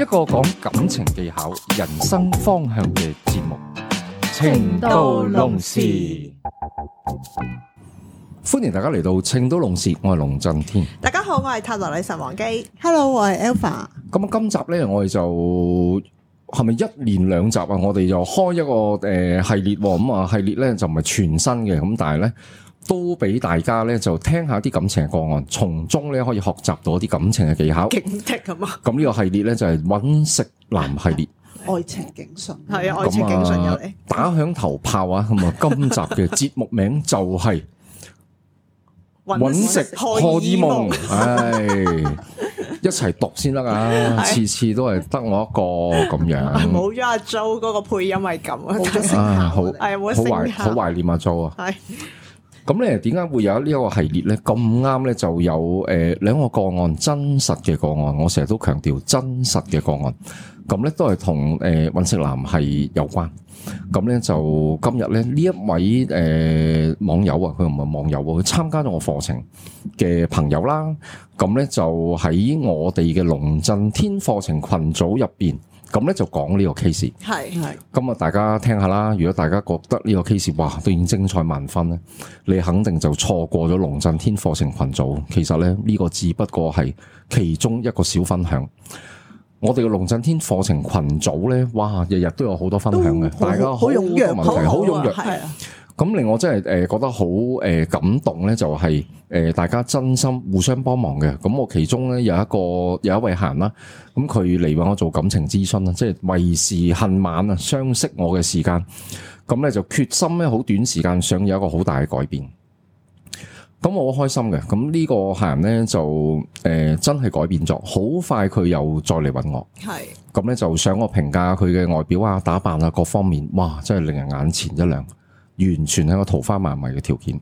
一個講感情技巧、人生方向嘅節目《情到濃時》，歡迎大家嚟到《情到濃時》，我係龍震天。大家好，我係塔羅女神王姬。Hello，我係 Alpha。咁啊，今集咧，我哋就係咪一連兩集啊？我哋就開一個誒系列，咁啊系列咧就唔係全新嘅，咁但係咧。都俾大家咧就聽下啲感情嘅個案，從中咧可以學習到一啲感情嘅技巧。警惕咁啊！咁呢個系列咧就係揾食男系列。愛情警訊係啊，愛情警訊入嚟。打響頭炮啊！咁啊，今集嘅節目名就係揾食荷爾蒙。唉，一齊讀先得啊！次次都係得我一個咁樣。冇咗阿 Jo 嗰個配音係咁啊！好，係啊，好懷好懷念阿 Jo 啊！係。咁咧，點解會有呢一個系列呢？咁啱呢就有誒、呃、兩個個案，真實嘅個案。我成日都強調真實嘅個案。咁呢都係同誒尹色男係有關。咁呢，就今日呢，呢一位誒網友啊，佢唔係網友，佢參加咗我課程嘅朋友啦。咁呢，就喺我哋嘅龍震天課程群組入邊。咁咧就講呢個 case，係係。咁啊的，大家聽下啦。如果大家覺得呢個 case，哇，都已經精彩萬分咧，你肯定就錯過咗龍震天課程群組。其實咧呢個只不過係其中一個小分享。我哋嘅龍震天課程群組咧，哇，日日都有好多分享嘅，很大家好踊躍，問題好踊躍，係啊。咁令我真係誒覺得好誒感動咧，就係、是、誒大家真心互相幫忙嘅。咁我其中咧有一個有一位客人啦，咁佢嚟搵我做感情諮詢啦，即係為時恨晚啊，相識我嘅時間，咁咧就決心咧好短時間想有一個好大嘅改變。咁我好開心嘅，咁呢個客人呢，就、呃、誒真係改變咗，好快佢又再嚟搵我，係，咁咧就想我評價佢嘅外表啊、打扮啊各方面，哇，真係令人眼前一亮。完全係個桃花萬迷嘅條件，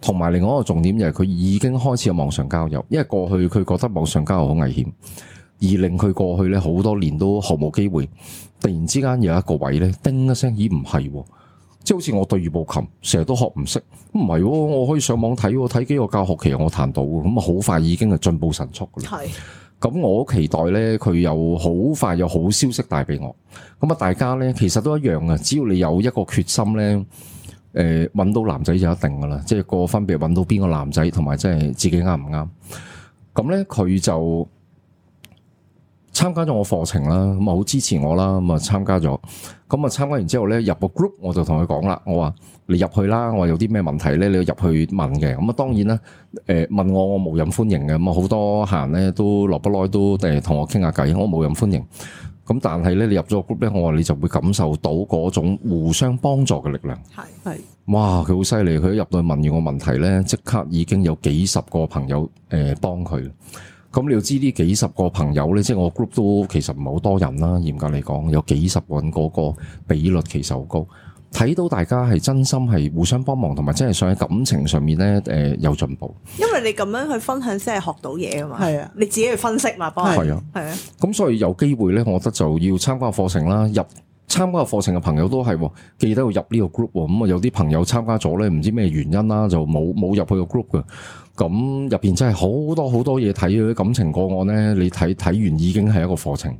同埋另外一個重點就係佢已經開始有網上交友，因為過去佢覺得網上交友好危險，而令佢過去咧好多年都毫無機會。突然之間有一個位咧，叮一聲咦唔係、啊，即係好似我對住部琴成日都學唔識，唔係、啊、我可以上網睇，睇幾個教學，其實我彈到，咁啊好快已經係進步神速嘅啦。咁，我期待呢，佢有好快有好消息帶俾我。咁啊大家呢，其實都一樣嘅，只要你有一個決心呢。誒，揾到男仔就一定㗎啦，即係個分別揾到邊個男仔同埋即係自己啱唔啱？咁咧佢就參加咗我課程啦，咁啊好支持我啦，咁、嗯、啊參加咗。咁、嗯、啊參加完之後咧入個 group，我就同佢講啦，我話你入去啦，我話有啲咩問題咧你要入去問嘅。咁、嗯、啊當然啦，誒、呃、問我我無任歡迎嘅，咁啊好多客人咧都落不耐都誒同、欸、我傾下偈，我無任歡迎。咁但係呢，你入咗 group 呢，我話你就會感受到嗰種互相幫助嘅力量。係係，哇！佢好犀利，佢一入到去問完個問題呢，即刻已經有幾十個朋友誒、呃、幫佢。咁你要知呢幾十個朋友呢，即係我 group 都其實唔係好多人啦，嚴格嚟講有幾十個人，個個個比率其實好高。睇到大家係真心係互相幫忙，同埋真係想喺感情上面呢誒、呃、有進步。因為你咁樣去分享先係學到嘢啊嘛。係啊，你自己去分析嘛，幫，係啊，係啊。咁、啊、所以有機會呢，我覺得就要參加課程啦。入參加課程嘅朋友都係、哦、記得要入呢個 group。咁、嗯、啊，有啲朋友參加咗呢，唔知咩原因啦，就冇冇入去個 group 嘅。咁入邊真係好多好多嘢睇啊！啲感情個案呢，你睇睇完已經係一個課程。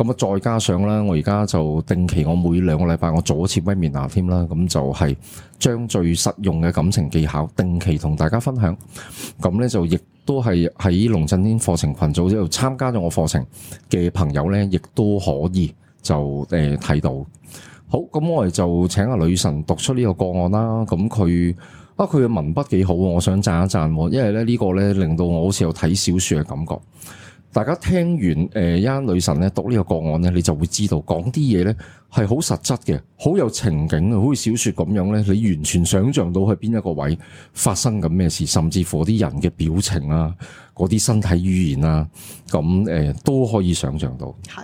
咁啊，再加上啦，我而家就定期，我每兩個禮拜我做一次微面談添啦，咁就係將最實用嘅感情技巧定期同大家分享。咁呢，就亦都係喺龍震天課程群組嗰度參加咗我課程嘅朋友呢，亦都可以就誒睇、呃、到。好，咁我哋就請阿女神讀出呢個個案啦。咁佢啊，佢嘅文筆幾好，我想讚一讚喎。因為咧呢個呢，令到我好似有睇小説嘅感覺。大家聽完誒，一陣，呃、女神咧，讀呢個個案咧，你就會知道講啲嘢咧係好實質嘅，好有情景嘅，好似小說咁樣咧，你完全想象到係邊一個位發生緊咩事，甚至乎啲人嘅表情啊、嗰啲身體語言啊咁誒、呃、都可以想象到。係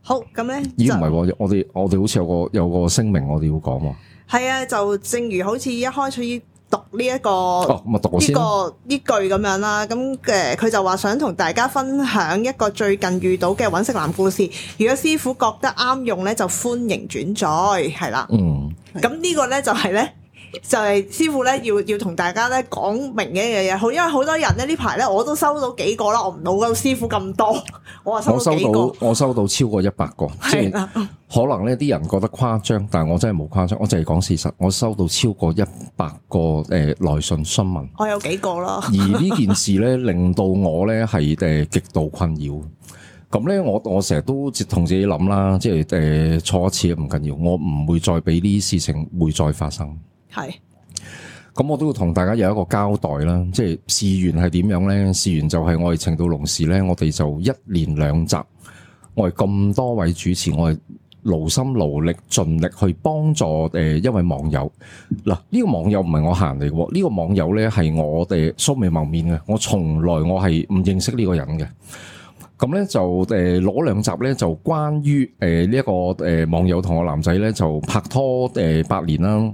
好，咁咧，咦，唔係就，我我哋我哋好似有個有個聲明，我哋要講嘛、啊。係啊，就正如好似一開始。呢一個呢個呢哦呢個呢句咁樣啦，咁誒佢就話想同大家分享一個最近遇到嘅揾食男故事。如果師傅覺得啱用呢，就歡迎轉載，係啦。嗯，咁呢個呢，就係呢。就係師傅咧，要要同大家咧講明嘅一樣嘢，好，因為好多人咧呢排咧，我都收到幾個啦，我唔到師傅咁多，我收到我收到，我收到超過一百個，的即係可能呢啲人覺得誇張，但係我真係冇誇張，我淨係講事實，我收到超過一百個誒來、呃、信詢問。我有幾個咯。而呢件事咧 令到我咧係誒極度困擾。咁咧我我成日都同自己諗啦，即係誒錯一次唔緊要，我唔會再俾呢啲事情會再發生。係咁，是我都要同大家有一個交代啦。即係事緣係點樣呢？事緣就係我哋情到濃時呢，我哋就一連兩集。我哋咁多位主持，我哋勞心勞力盡力去幫助誒一位網友嗱。呢、這個網友唔係我行嚟嘅，呢、這個網友呢係我哋素未謀面嘅。我從來我係唔認識呢個人嘅。咁呢就誒攞兩集呢，就關於誒呢一個誒、呃、網友同我男仔呢，就拍拖誒、呃、八年啦。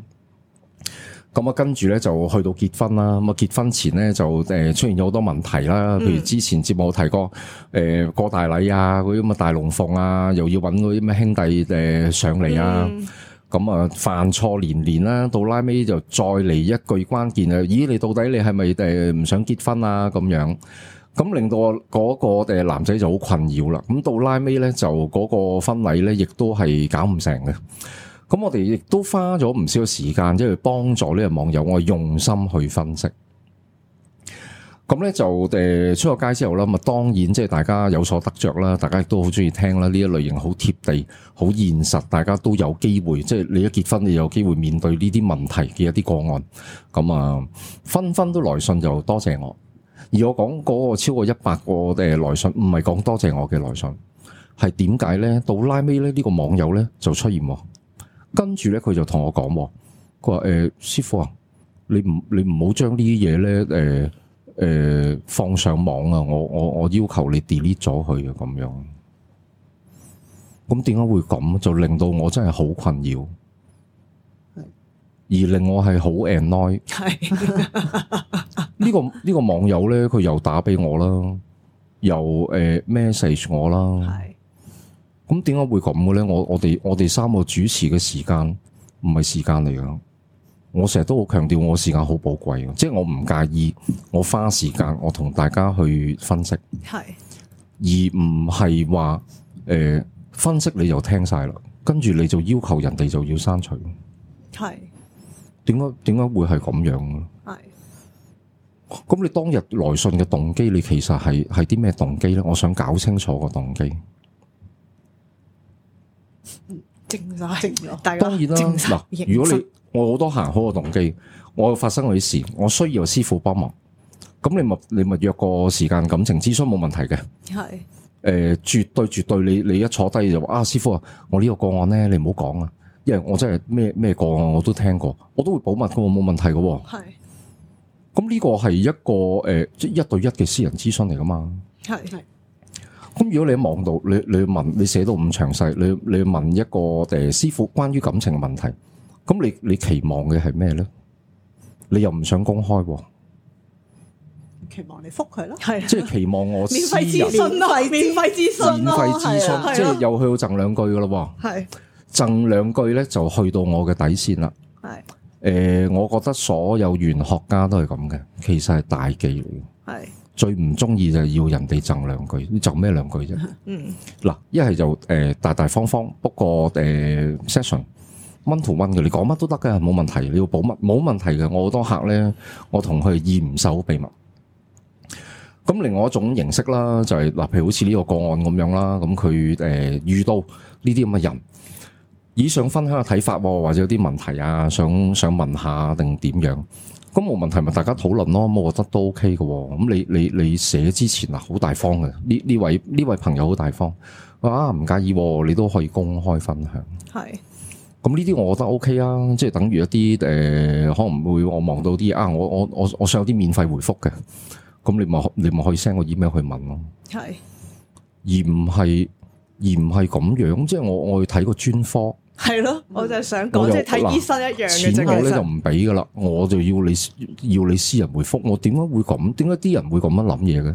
咁啊，跟住咧就去到結婚啦。咁啊，結婚前咧就誒出現咗好多問題啦。譬如之前節目提過，誒過大禮啊，啲咁嘅大龍鳳啊，又要揾嗰啲咩兄弟誒上嚟啊。咁啊、嗯，犯錯連連啦，到拉尾就再嚟一句關鍵啊！咦，你到底你係咪誒唔想結婚啊？咁樣咁令到嗰個誒男仔就好困擾啦。咁到拉尾咧就嗰個婚禮咧亦都係搞唔成嘅。咁我哋亦都花咗唔少嘅時間，即係幫助呢個網友，我用心去分析。咁呢，就、呃、誒出咗街之後啦，咁當然即係大家有所得着啦，大家亦都好中意聽啦。呢一類型好貼地、好現實，大家都有機會，即、就、係、是、你一結婚你有機會面對呢啲問題嘅一啲個案。咁啊，紛紛都來信就多謝，謝我。而我講嗰個超過一百個誒、呃、來信，唔係講多謝我嘅來信，係點解呢？到拉尾呢，呢、呢個網友呢，就出現。跟住咧，佢就同我講，佢話：誒、欸，師傅啊，你唔你唔好將呢啲嘢咧，誒、呃、誒、呃、放上網啊！我我我要求你 delete 咗佢啊，咁樣。咁點解會咁？就令到我真係好困擾，是而令我係好 annoy。係呢是、 呢個呢、呢個網友咧，佢又打俾我啦，又誒、呃、message 我啦。咁點解會咁嘅咧？我我哋我哋三個主持嘅時間唔係時間嚟㗎，我成日都好強調我時間好寶貴，即係我唔介意我花時間我同大家去分析，係而唔係話誒分析你就聽晒啦，跟住你就要求人哋就要刪除，係點解點解會係咁樣咧？係咁你當日來信嘅動機，你其實係係啲咩動機咧？我想搞清楚個動機。蒸晒，大家當然啦、啊、嗱，如果你我好多行開嘅動機，我發生嗰啲事，我需要有師傅幫忙，咁你咪你咪約個時間感情咨詢冇問題嘅，係誒是、呃，絕對絕對你，你你一坐低就話啊，師傅啊，我呢個個案咧，你唔好講啊，因為我真係咩咩個案我都聽過，我都會保密噶，冇問題噶，係是，咁呢個係一個誒即係一對一嘅私人諮詢嚟噶嘛，係係是。咁如果你望到你你問你寫到咁詳細，你你問一個誒師傅關於感情嘅問題，咁你你期望嘅係咩咧？你又唔想公開？期望你覆佢咯，係即係期望我免費諮詢咯，免費諮詢，免費諮詢，即係又去到贈兩句噶咯，係贈兩句咧就去到我嘅底線啦。係誒，我覺得所有玄學家都係咁嘅，其實係大忌嚟嘅，係。最唔中意就係要人哋贈兩句，就咩兩句啫？嗱、嗯，一係就誒、呃、大大方方，不過誒、呃、session one to one 嘅，你講乜都得嘅，冇問題。你要保密，冇問題嘅，我好多客咧，我同佢意唔守秘密。咁另外一種形式啦，就係、是、嗱，譬、呃、如好似呢個個案咁樣啦，咁佢誒遇到呢啲咁嘅人，以上分享嘅睇法、啊、或者有啲問題啊，想想問下定點樣？咁冇問題，咪大家討論咯。咁我覺得都 OK 嘅。咁你你你寫之前啊，好大方嘅。呢呢位呢位朋友好大方，佢話啊唔介意，你都可以公開分享。係是。咁呢啲我覺得 OK 啊，即係等於一啲誒、呃，可能會我忙到啲啊，我我我我想有啲免費回覆嘅。咁你咪你咪可以 send 個 email 去問咯。係是。而唔係而唔係咁樣，即係我我去睇個專科。係咯，我就係想講即係睇醫生一樣嘅啫。其實、呃、錢我咧就唔俾噶啦，我就要你要你私人回覆。我點解會咁？點解啲人會咁樣諗嘢嘅？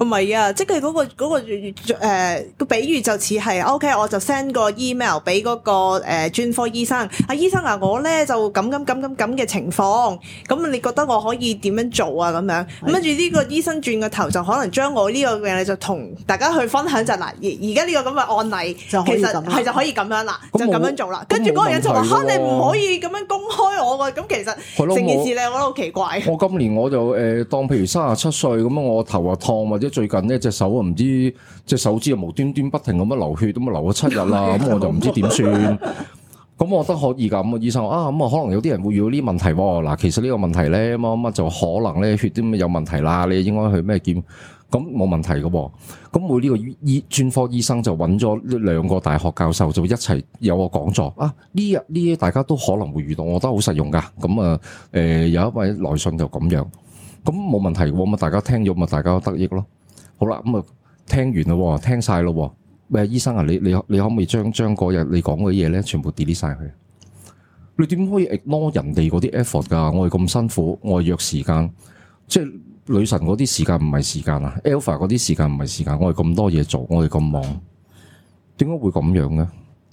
唔係、哦、啊，即係嗰、那個嗰、那個誒、呃、比喻就似係，OK，我就 send 個 email 俾嗰、那個誒、呃、專科醫生。阿、啊、醫生啊，我咧就咁咁咁咁咁嘅情況，咁你覺得我可以點樣做啊？咁樣，跟住呢個醫生轉個頭就可能將我呢個病例就同大家去分享就嗱，而而家呢個咁嘅案例，其實係就可以咁樣啦，就咁樣做啦。跟住嗰個人就話嚇、啊啊，你唔可以咁樣公開我嘅、啊，咁其實成件事咧，我覺得好奇怪我。我今年我就誒當、呃、譬如三十七歲咁啊，我，我頭啊燙或者最近呢隻手啊，唔知隻手指啊，無端端不停咁樣流血，咁啊流咗七日啦，咁 我就唔知點算。咁 我覺得可以噶，咁、那、啊、個、醫生啊，咁、嗯、啊可能有啲人會遇到呢啲問題。嗱、啊，其實呢個問題咧，咁啊、嗯、就可能咧，血都咪有問題啦。你應該去咩檢？咁、啊、冇、嗯、問題噶。咁我呢個醫專科醫生就揾咗呢兩個大學教授，就一齊有個講座啊。呢日呢啲大家都可能會遇到，我覺得好實用噶。咁啊誒、呃，有一位來信就咁樣。咁冇問題，咁咪大家聽咗咪大家得益咯。好啦，咁、嗯、啊聽完啦，聽晒啦，誒醫生啊，你你你可唔可以將將嗰日你講嗰啲嘢咧全部 delete 晒佢？你點可以 ignore 人哋嗰啲 effort 噶？我哋咁辛苦，我哋約時間，即係女神嗰啲時間唔係時間啊，Alpha 嗰啲時間唔係時間，我哋咁多嘢做，我哋咁忙，點解會咁樣嘅？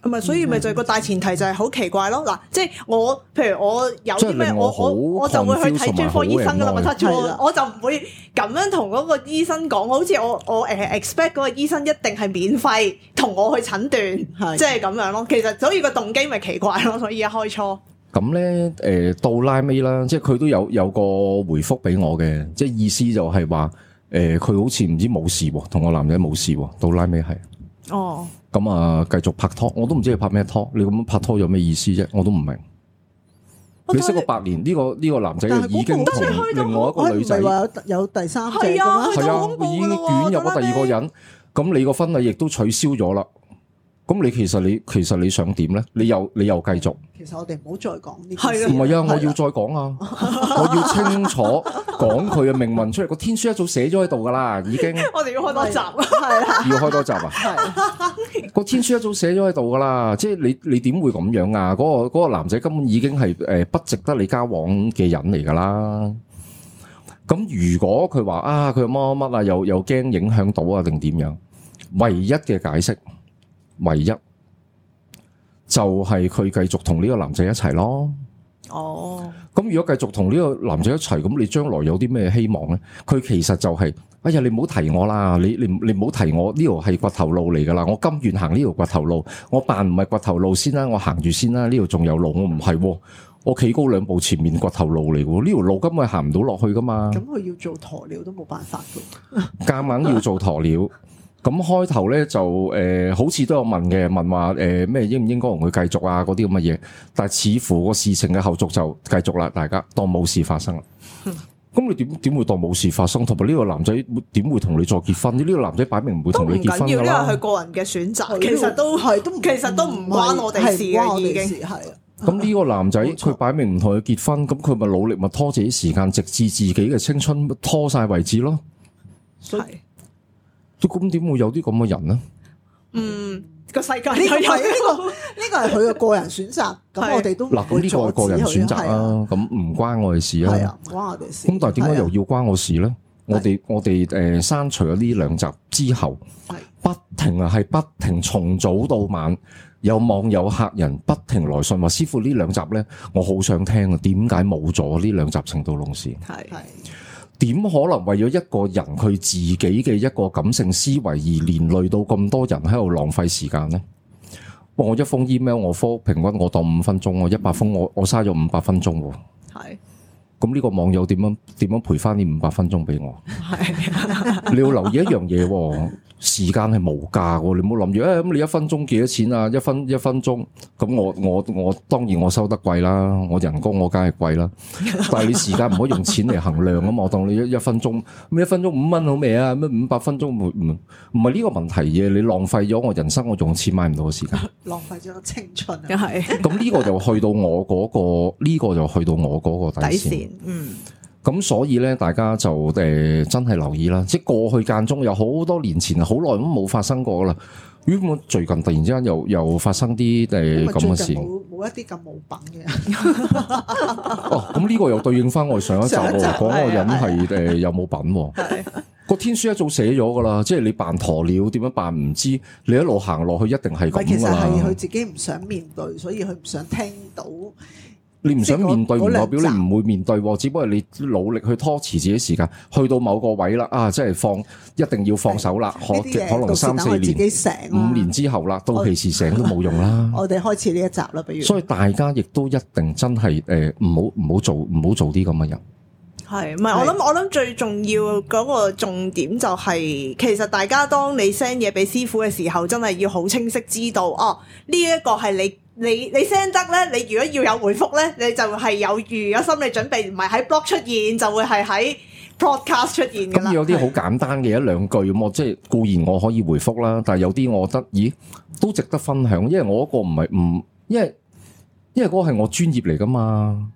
咪所以咪就個大前提就係好奇怪咯嗱，即係我譬如我有啲咩我好我我就會去睇專科醫生噶啦，咪出錯啦，我，我就唔會咁樣同嗰個醫生講，好似我我誒 expect 嗰個醫生一定係免費同我去診斷，即係咁樣咯。其實所以個動機咪奇怪咯，所以一開初咁咧誒到拉尾啦，即係佢都有有個回覆俾我嘅，即係意思就係話誒佢好似唔知冇事，同個男仔冇事，到拉尾係哦。咁啊，繼續拍拖，我都唔知你拍咩拖。你咁樣拍拖有咩意思啫？我都唔明。我對 你識咗八年呢、這個呢、這個男仔，已經同另外一個女仔有第三者，係啊係啊，已經捲入咗第二個人，咁你個婚禮亦都取消咗啦。咁你其實你其實你想點咧？你又你又繼續？其實我哋唔好再講呢個，唔係啊！我要再講啊！我要清楚講佢嘅命運，出嚟，個天書一早寫咗喺度噶啦，已經我哋要開多集啦，係啦，要開多集啊！個天書一早寫咗喺度噶啦，即係你你點會咁樣啊？嗰個嗰個男仔根本已經係誒不值得你交往嘅人嚟噶啦。咁如果佢話啊，佢乜乜啊，又又驚影響到啊，定點樣？唯一嘅解釋。唯一就係佢繼續同呢個男仔一齊咯。哦，咁如果繼續同呢個男仔一齊，咁你將來有啲咩希望呢？佢其實就係、是，哎呀，你唔好提我啦，你你唔好提我，呢度係掘頭路嚟噶啦，我甘願行呢條掘頭路，我扮唔係掘頭路先啦，我行住先啦，呢度仲有路，我唔係，我企高兩步前面掘頭路嚟，呢條路根本行唔到落去噶嘛，咁佢要做鴕鳥都冇辦法嘅，夾 硬要做鴕鳥。咁開頭咧就誒、呃，好似都有問嘅，問話誒咩應唔應該同佢繼續啊？嗰啲咁嘅嘢？但係似乎個事情嘅後續就繼續啦，大家當冇事、嗯、事發生。咁你點點會當冇事發生？同埋呢個男仔點會同你再結婚？呢、呢個男仔擺明唔會同你結婚㗎啦。都唔緊要啦，佢個人嘅選擇，其實都係都其實都唔關我哋事嘅。我事已經係。咁呢 個男仔佢擺明唔同佢結婚，咁佢咪努力咪拖自己時間，直至自己嘅青春拖晒為止咯。係。所咁點會有啲咁嘅人呢？嗯，個世界呢個呢個係佢嘅個人選擇，咁 的我哋都嗱呢個係個人選擇啦，咁唔關我哋事啊，唔的關啊我哋事啊。咁但係點解又要關我事咧的？我哋我哋誒刪除咗呢兩集之後，的不停啊，係不停從早到晚有網友客人不停來信話，師傅呢兩集咧，我好想聽啊，點解冇咗呢兩集程度龍事？」。係係。點可能為咗一個人佢自己嘅一個感性思維而連累到咁多人喺度浪費時間呢？我一封 email 我覆平均我當五分鐘，我一百封我我嘥咗五百分鐘。係，咁呢個網友點樣點樣賠翻呢五百分鐘俾我？ 你要留意一樣嘢啊。時間係無價嘅，你唔好諗住，誒、哎，咁你一分鐘幾多錢啊？一分一分鐘，咁我我我當然我收得貴啦，我人工我梗係貴啦。 但係你時間唔可以用錢嚟衡量啊嘛，我當你一一分鐘，咁一分鐘五蚊好未啊？咁五百分鐘唔唔係呢個問題嘅。你浪費咗我人生，我用錢買唔到嘅時間， 浪費咗青春，又係。咁呢個就去到我嗰、嗰個，呢、呢個就去到我嗰個底線,底線，嗯。咁所以咧，大家就誒、呃、真係留意啦。即係過去間中有好多年前，好耐都冇發生過啦。如果最近突然之間又又發生啲誒咁嘅事，冇一啲咁冇品嘅、 啊。哦，咁呢個又對應翻我上一集講嗰、哦嗰個人係誒、呃、有冇品喎、啊？個 天書一早寫咗噶啦，即係你扮鴕鳥點樣扮唔知？你一路行落去一定係咁、啊、其實係佢自己唔想面對，所以佢唔想聽到。你唔想面對，唔代表你唔會面對喎。只不過你努力去拖遲自己時間，去到某個位啦。啊，即係放，一定要放手啦。的可可能三四年、五、啊、年之後啦，到其時醒都冇用啦。 我哋開始呢一集啦，比如。所以大家亦都一定真係誒，唔好唔好做唔好做啲咁嘅人。係，唔係的？我諗我諗最重要嗰個重點就係、是，其實大家當你 send 嘢俾師傅嘅時候，真係要好清晰知道哦，呢、這、一個係你。你你 send 得咧？你如果要有回覆咧，你就係有預咗心理準備，唔係喺 blog 出現，就會係喺 broadcast 出現噶啦。咁有啲好簡單嘅一兩句咁，我即係固然我可以回覆啦，但係有啲我覺得，咦，都值得分享，因為我嗰個唔係唔，因為因為嗰個係我專業嚟噶嘛。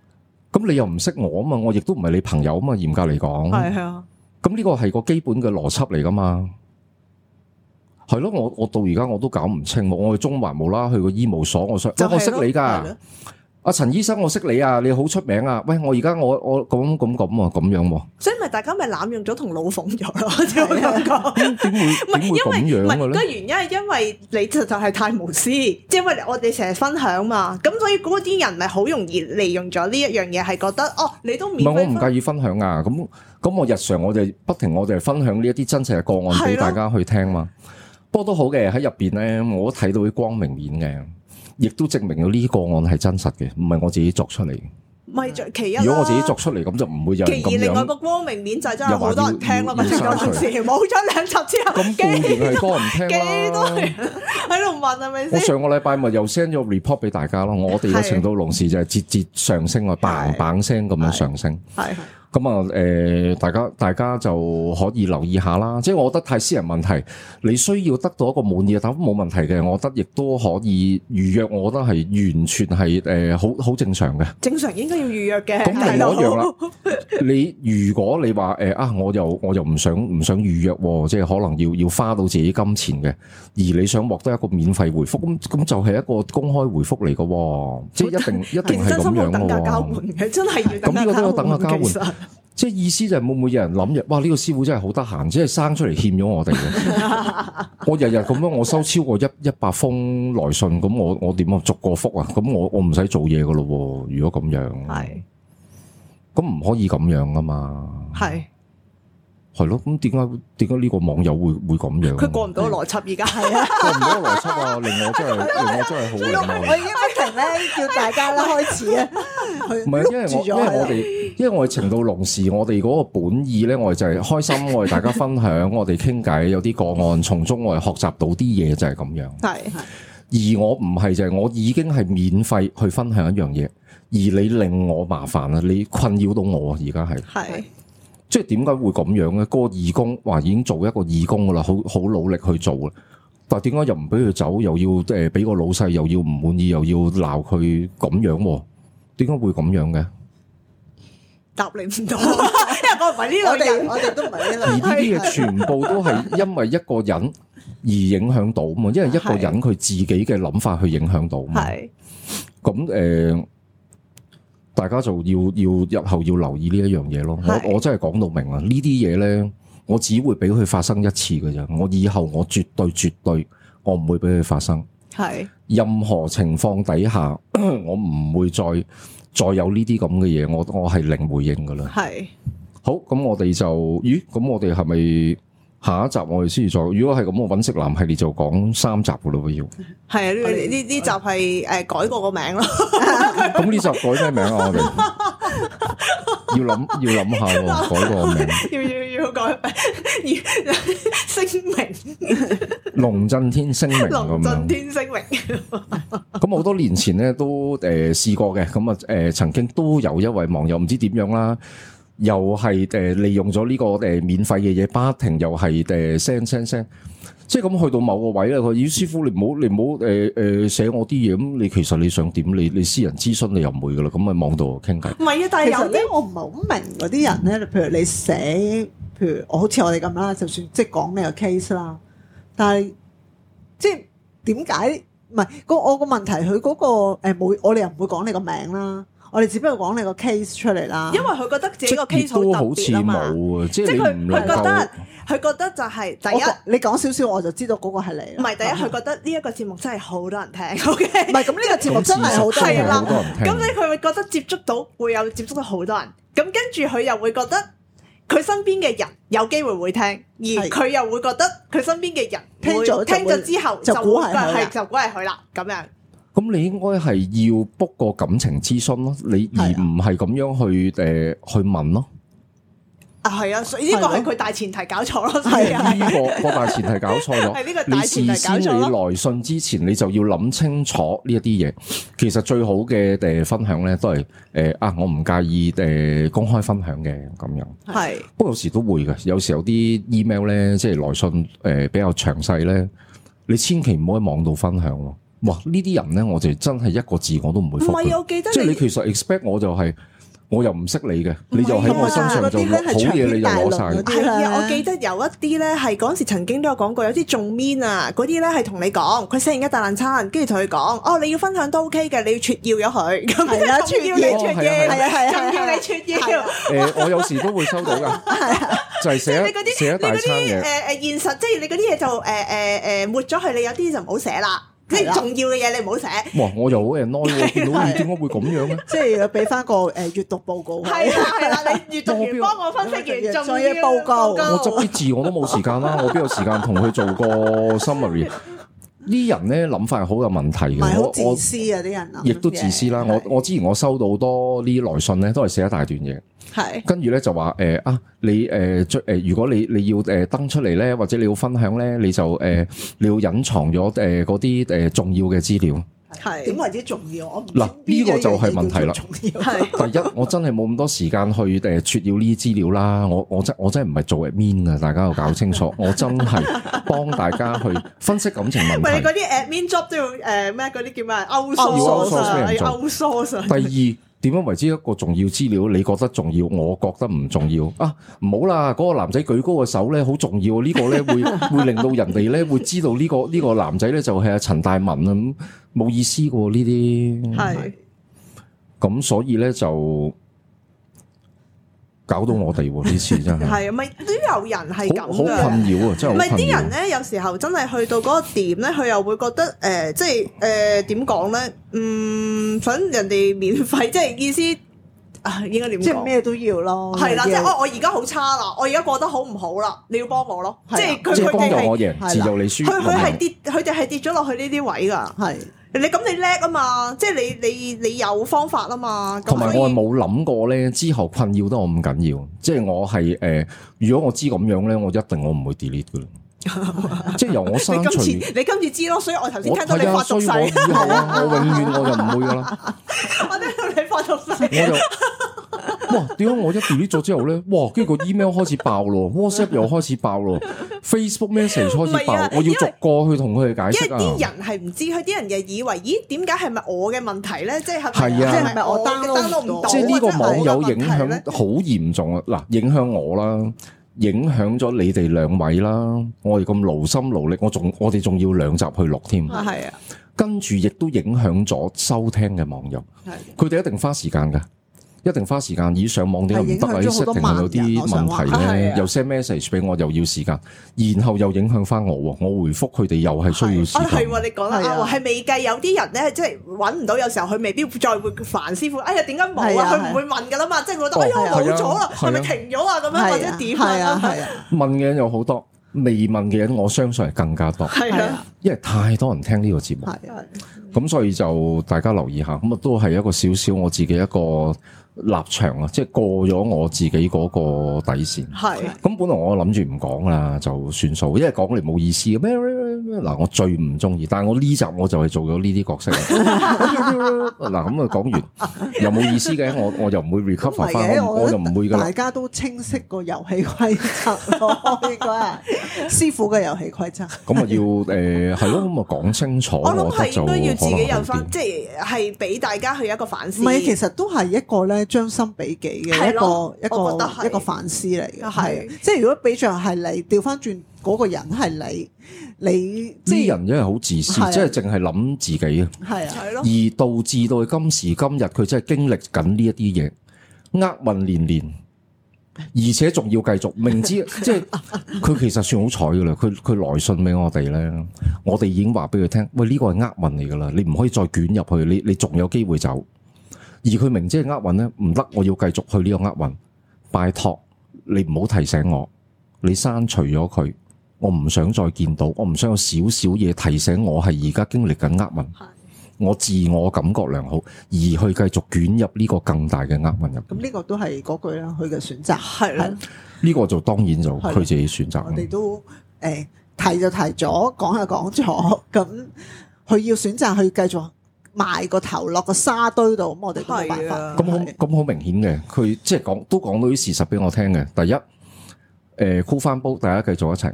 咁你又唔識我啊嘛？我亦都唔係你朋友啊嘛。嚴格嚟講，係係啊。咁呢個係個基本嘅邏輯嚟噶嘛。係咯，我我到而家我都搞唔清。我去中環無啦啦去個醫務所，我想，即我識你㗎，阿陳的醫生，我識你啊，你好出名啊。喂，我而家我我咁咁咁啊，咁樣喎。樣樣，所以咪大家咪濫用咗同老奉咗咯，就咁講。唔係、 嗯、因為唔係、嗰個原因係因為你實實係太無私，即係因為我哋成日分享嘛，咁所以嗰啲人咪好容易利用咗呢一樣嘢，係覺得哦，你都唔係我唔介意分享啊。咁咁我日常我哋不停我哋分享呢一啲真實嘅個案俾大家去聽嘛。不過都好嘅，喺入邊咧，我睇到啲光明面嘅，亦都證明咗呢個案係真實嘅，唔係我自己作出嚟。唔係其一。如果我自己作出嚟，咁就唔會有咁樣。另外嗰個光明面就真係好多人聽咯，咪有陣時冇咗兩集之後，人聽幾多人係咪？幾多人喺度問啊？咪先？我上個禮拜咪又 send 咗 report 俾大家咯，我哋嘅程度龍時就係節節上升啊，嘭嘭 n g b 聲咁樣上升。係的。咁啊，誒大家大家就可以留意下啦。即係我覺得太私人問題，你需要得到一個滿意嘅答覆，都冇問題嘅。我覺得亦都可以預約，我覺得係完全係誒好好正常嘅。正常應該要預約嘅。咁係你好我一樣，你如果你話誒啊，我又我又唔想唔想預約，即係可能要要花到自己金錢嘅，而你想獲得一個免費回覆，咁咁就係一個公開回覆嚟嘅喎，即係一定一定係咁樣嘅喎。 真心冇等價等價交換。即意思就係會唔會有人諗嘅，哇！呢個師傅真係好得閒，即係生出嚟欠咗我哋嘅。 我日日咁樣，我收超過一一百封來信，咁我我點樣逐個覆啊？咁我我唔使做嘢噶咯喎。如果咁樣，係是，咁唔可以咁樣噶嘛。係。係咯，咁點解點解呢個網友會會咁樣？佢過唔到邏輯，而家係啊，過唔到邏輯啊！令我真係， 令我真係好。 我已經不停咧，叫大家咧開始啊。唔係，因為我因為我哋，因為我情到濃時，我哋嗰個本意咧，我哋就係開心，我哋大家分享， 我哋傾偈，有啲個案，從中我哋學習到啲嘢就係咁樣。係係。而我唔係就係、是，我已經係免費去分享一樣嘢，而你令我麻煩啊！你困擾到我，而家係係。即係點解會咁樣咧？嗰個義工哇，已經做一個義工噶啦好好努力去做啊！但係點解又唔俾佢走，又要誒俾個老細，又要唔滿意，又要鬧佢咁樣？點解會咁樣嘅？答你唔到，因為 我唔係呢度人，我哋都唔係呢度。而呢啲嘢全部都係因為一個人而影響到嘛，因為一個人佢自己嘅諗法去影響到嘛。係咁誒。的大家就要要日後要留意呢一樣嘢咯。是我我真係講到明啦，呢啲嘢咧，我只會俾佢發生一次嘅啫。我以後我絕對絕對，我唔會俾佢發生。係是任何情況底下， 我唔會再再有呢啲咁嘅嘢。我我係零回應噶啦。係是好，咁我哋就咦？咁我哋係咪？下一集我哋先再。如果係咁，我揾色男系列就講三集嘅咯，要係啊呢呢呢集係誒、呃、改過個名咯。咁呢 集改咩名啊？我哋要諗要諗下喎，改個名， 改名。要要要改，要聲明。 龍震天聲明。咁震 天聲明。咁 好多年前咧都誒、呃、試過嘅，咁啊誒曾經都有一位網友唔知點樣啦。又係誒利用咗呢個誒免費嘅嘢，巴停又係誒 send send send，即係咁去到某個位咧，佢咦師傅你唔好你唔好誒誒寫我啲嘢，咁你其實你想點？你你私人諮詢你又唔會噶啦，咁咪網度傾偈。唔係啊，但係有啲我唔係好明嗰啲人咧，譬如你寫，譬如我好似我哋咁啦，就算即係講你個 case 啦，但係即係點解？唔係個我個問題，佢嗰個誒冇，我哋又唔會講你個名啦。我哋只不過講你個 case 出嚟啦，因為佢覺得自己個 case 好特別啊嘛，啊即係佢佢覺得佢覺得就係、是、第一，你講少少我就知道嗰個係你。唔係，第一佢、啊、覺得呢一個節目真係好多人聽，唔係咁呢個節目真係好多人聽，咁所以佢會覺得接觸到會有接觸到好多人，咁跟住佢又會覺得佢身邊嘅人有機會會聽，而佢又會覺得佢身邊嘅人聽咗聽咗之後就就係就估係佢啦，咁樣。咁你應該係要 book 個感情諮詢咯，你而唔係咁樣去誒、啊呃、去問咯。啊，係啊，所以呢個係佢大前提搞錯咯，係啊，呢、啊啊這個個大前提搞錯咗。係呢個大前提搞錯咯。你事先你來信之前，你就要諗清楚呢一啲嘢。其實最好嘅誒分享咧都係誒啊，我唔介意誒、呃、公開分享嘅咁樣。係是，不過有時都會嘅，有時候有啲 email 咧，即係來信誒比較詳細咧，你千祈唔好喺網度分享。哇！呢啲人咧，我就真係一個字我都唔會分享。即係你其實 expect 我就係，我又唔識你嘅，你又喺我身上就好嘢你又攞晒。係啊，我記得有一啲咧係嗰陣時曾經都有講過，有啲仲 mean 啊，嗰啲咧係同你講，佢寫完一大爛餐，跟住同佢講，哦你要分享都 OK 嘅，你要傳要咗佢咁樣，你要傳嘢，係啊係啊，要你傳嘢要。誒，我有時都會收到噶，就係寫寫一大餐嘅。誒誒，現實即係你嗰啲嘢就誒誒誒抹咗佢，你有啲就唔好寫啦。即係重要嘅嘢你唔好寫。哇！我又好耐冇見到你，點解會咁樣咧？即係俾翻個誒閱讀報告。係啊，係啦，你閱讀完幫我分析完重要報告。我執啲字我都冇時間啦，我邊有時間同佢做個 summary？呢人咧諗法係好有問題嘅，我自私啊，啲人亦都自私啦。我的我之前我收到多呢來信咧，都係寫一大段嘢，係的跟住咧就話誒、呃、啊，你誒最誒，如果你你要誒登出嚟咧，或者你要分享咧，你就誒、呃、你要隱藏咗誒嗰啲誒重要嘅資料。係點為之重要？我唔嗱呢個就係問題啦。係第一，我真係冇咁多時間去誒撮要呢啲資料啦。我我，我真我真係唔係做 admin 㗎，大家要搞清楚。 我真係幫大家去分析感情問題。唔係嗰 啲 admin job 都要誒咩？嗰、呃、啲叫咩？Outsource Outsource。第二。 點樣為之一個重要資料？你覺得重要，我覺得唔重要啊！唔好啦，嗰個男仔舉高個手呢，好重要，呢個呢，會 會令到人哋呢會知道呢個呢個男仔呢，就係阿陳大文啊，冇意思噶喎呢啲。係是，咁所以呢，就。搞到我哋喎，呢次真係係咪都有人係咁嘅？好困擾啊，真係困擾。唔係啲人咧，有時候真係去到嗰個點咧，佢又會覺得誒、呃，即係誒點講咧？嗯，反正人哋免費，即係意思啊、呃，應該點？即係咩都要咯，係啦的，是即係哦，我而家好差啦，我而家過得好唔好啦？你要幫我咯，即係佢佢哋係自由，嚟輸，佢佢係跌，佢哋係跌咗落去呢啲位㗎，係。你咁你叻啊嘛，即係你你你有方法啊嘛。同埋我係冇諗過咧，之後困擾得我唔緊要，即係我係誒、呃，如果我知咁樣咧，我一定我唔會 delete 噶啦。 即係由我刪除。你今次你今次知咯，所以我頭先聽到你發毒誓。係啊，以後啊，我永遠我就唔會啦。 我聽到你發毒誓。哇！點解我一 delete 咗之後咧？哇！跟住個 email 開始爆咯，WhatsApp 又開始爆咯，Facebook Messenger 開始爆，我要逐個去同佢哋解釋。一啲人係唔知，佢啲人又以為，咦？點解係咪我嘅問題咧？即係係咪我 download 唔到？即係呢個網友影響好嚴重啊！嗱，影響我啦，影響咗你哋兩位啦。我哋咁勞心勞力，我仲我哋仲要兩集去錄添。係啊。跟住亦都影響咗收聽嘅網友，係佢哋一定花時間噶。一定花時間，而上網點解唔得位，一定有啲問題咧。又 send message 俾我，又要時間，然後又影響翻我。我回覆佢哋又係需要時間。然後你講得啱，係未計有啲人咧，即係搵唔到，有時候佢未必再會煩師傅。哎呀，點解冇啊？佢唔會問噶啦嘛。即係覺得，哎呀，冇咗啦，係咪停咗啊？咁樣或者點啊？係啊，問嘅人有好多，未問嘅人我相信係更加多。係啊，因為太多人聽呢個節目。係咁，所以就大家留意下。咁啊，都係一個少少我自己一個。立場啊，即係過咗我自己嗰個底線，係咁的。本來我諗住唔講啦，就算數，因為講嚟冇意思嘅咩。 嗱，我最唔中意，但係我呢集我就係做咗呢啲角色。嗱， 咁啊，講完又冇意思嘅，我我就唔會 recover 翻，我就唔會 是。大家都清晰個遊戲規則咯，應該、 喔、師傅嘅遊戲規則。咁啊要誒，係、呃、咯，咁啊講清楚。我諗係都要自己有翻，即係係俾大家去一個反思。唔係，其實都係一個咧將心比己嘅一個咯一個，得一，個一個反思嚟嘅，係。即係如果比作係你調翻轉。嗰個人係你，你啲人真係好自私，啊、即係淨係諗自己啊。係啊，而導致到今時今日，佢真係經歷緊呢一啲嘢，厄運連連，而且仲要繼續明知 即係佢其實算好彩噶啦。佢佢來信俾我哋咧，我哋已經話俾佢聽，喂，呢個係厄運嚟噶啦，你唔可以再捲入去，你你仲有機會走。而佢明知係厄運咧，唔得，我要繼續去呢個厄運。拜託你唔好提醒我，你刪除咗佢。我唔想再見到，我唔想有少少嘢提醒我係而家經歷緊厄運。的我自我感覺良好，而去繼續捲入呢個更大嘅厄運入。咁呢個都係嗰句啦，佢嘅選擇係啦。呢的個就當然就佢自己選擇。我哋都誒、呃、提就提咗，講下講咗。咁佢要選擇去繼續埋個頭落個沙堆度，咁我哋都冇辦法。咁好，咁好明顯嘅，佢即係講都講到啲事實俾我聽嘅。第一，誒箍翻煲，大家繼續一齊。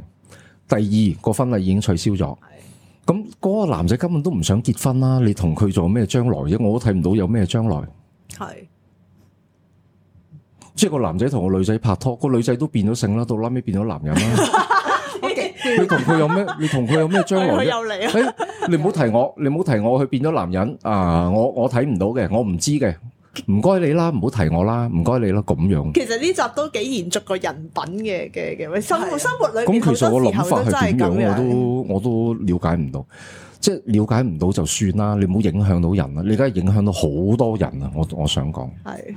第二個婚禮已經取消咗，咁、那、嗰個男仔根本都唔想結婚啦。你同佢做咩將來啫？我都睇唔到有咩將來。係，是即係個男仔同個女仔拍拖，個女仔都變咗性啦，到後尾變咗男人啦。你同佢有咩 又來、 哎？你同佢有咩將來啫？你唔好提我，你唔好提我，佢變咗男人啊！我我睇唔到嘅，我唔知嘅。唔該你啦，唔好提我啦，唔該你啦，咁樣。其實呢集都幾延續個人品嘅嘅嘅，生活生活裏邊好多時候都真係咁樣，其實我諗法係點樣，我都我都了解唔到，即係了解唔到就算啦，你唔好影響到人啊！你而家影響到好多人啊，我我想講係，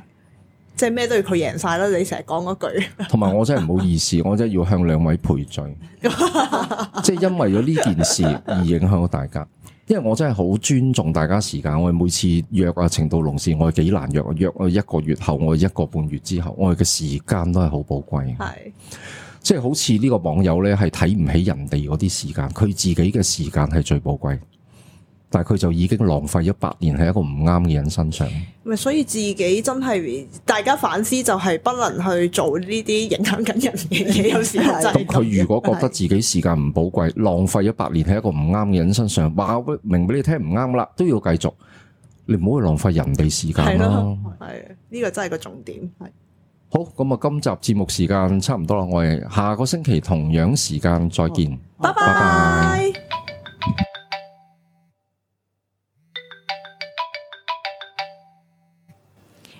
即係咩都要佢贏晒啦！你成日講嗰句，同埋我真係唔好意思， 我真係要向兩位賠罪，即係 因為咗呢件事而影響到大家。因為我真係好尊重大家時間，我哋每次約啊程度龍時，我哋幾難約，約我一個月後，我一個半月之後，我哋嘅時間都係好寶貴。係，即係好似呢個網友呢，係睇唔起人哋嗰啲時間，佢自己嘅時間係最寶貴。但係佢就已經浪費一百年喺一個唔啱嘅人身上。所以自己真係大家反思就係不能去做呢啲影響緊人嘅嘢，有時係。 咁佢如果覺得自己時間唔寶貴，浪費一百年喺一個唔啱嘅人身上，哇！明俾你聽唔啱啦，都要繼續。你唔好去浪費人哋時間咯。係呢、呢個真係個重點。係好咁啊！今集節目時間差唔多啦，我哋下個星期同樣時間再見。哦、拜拜。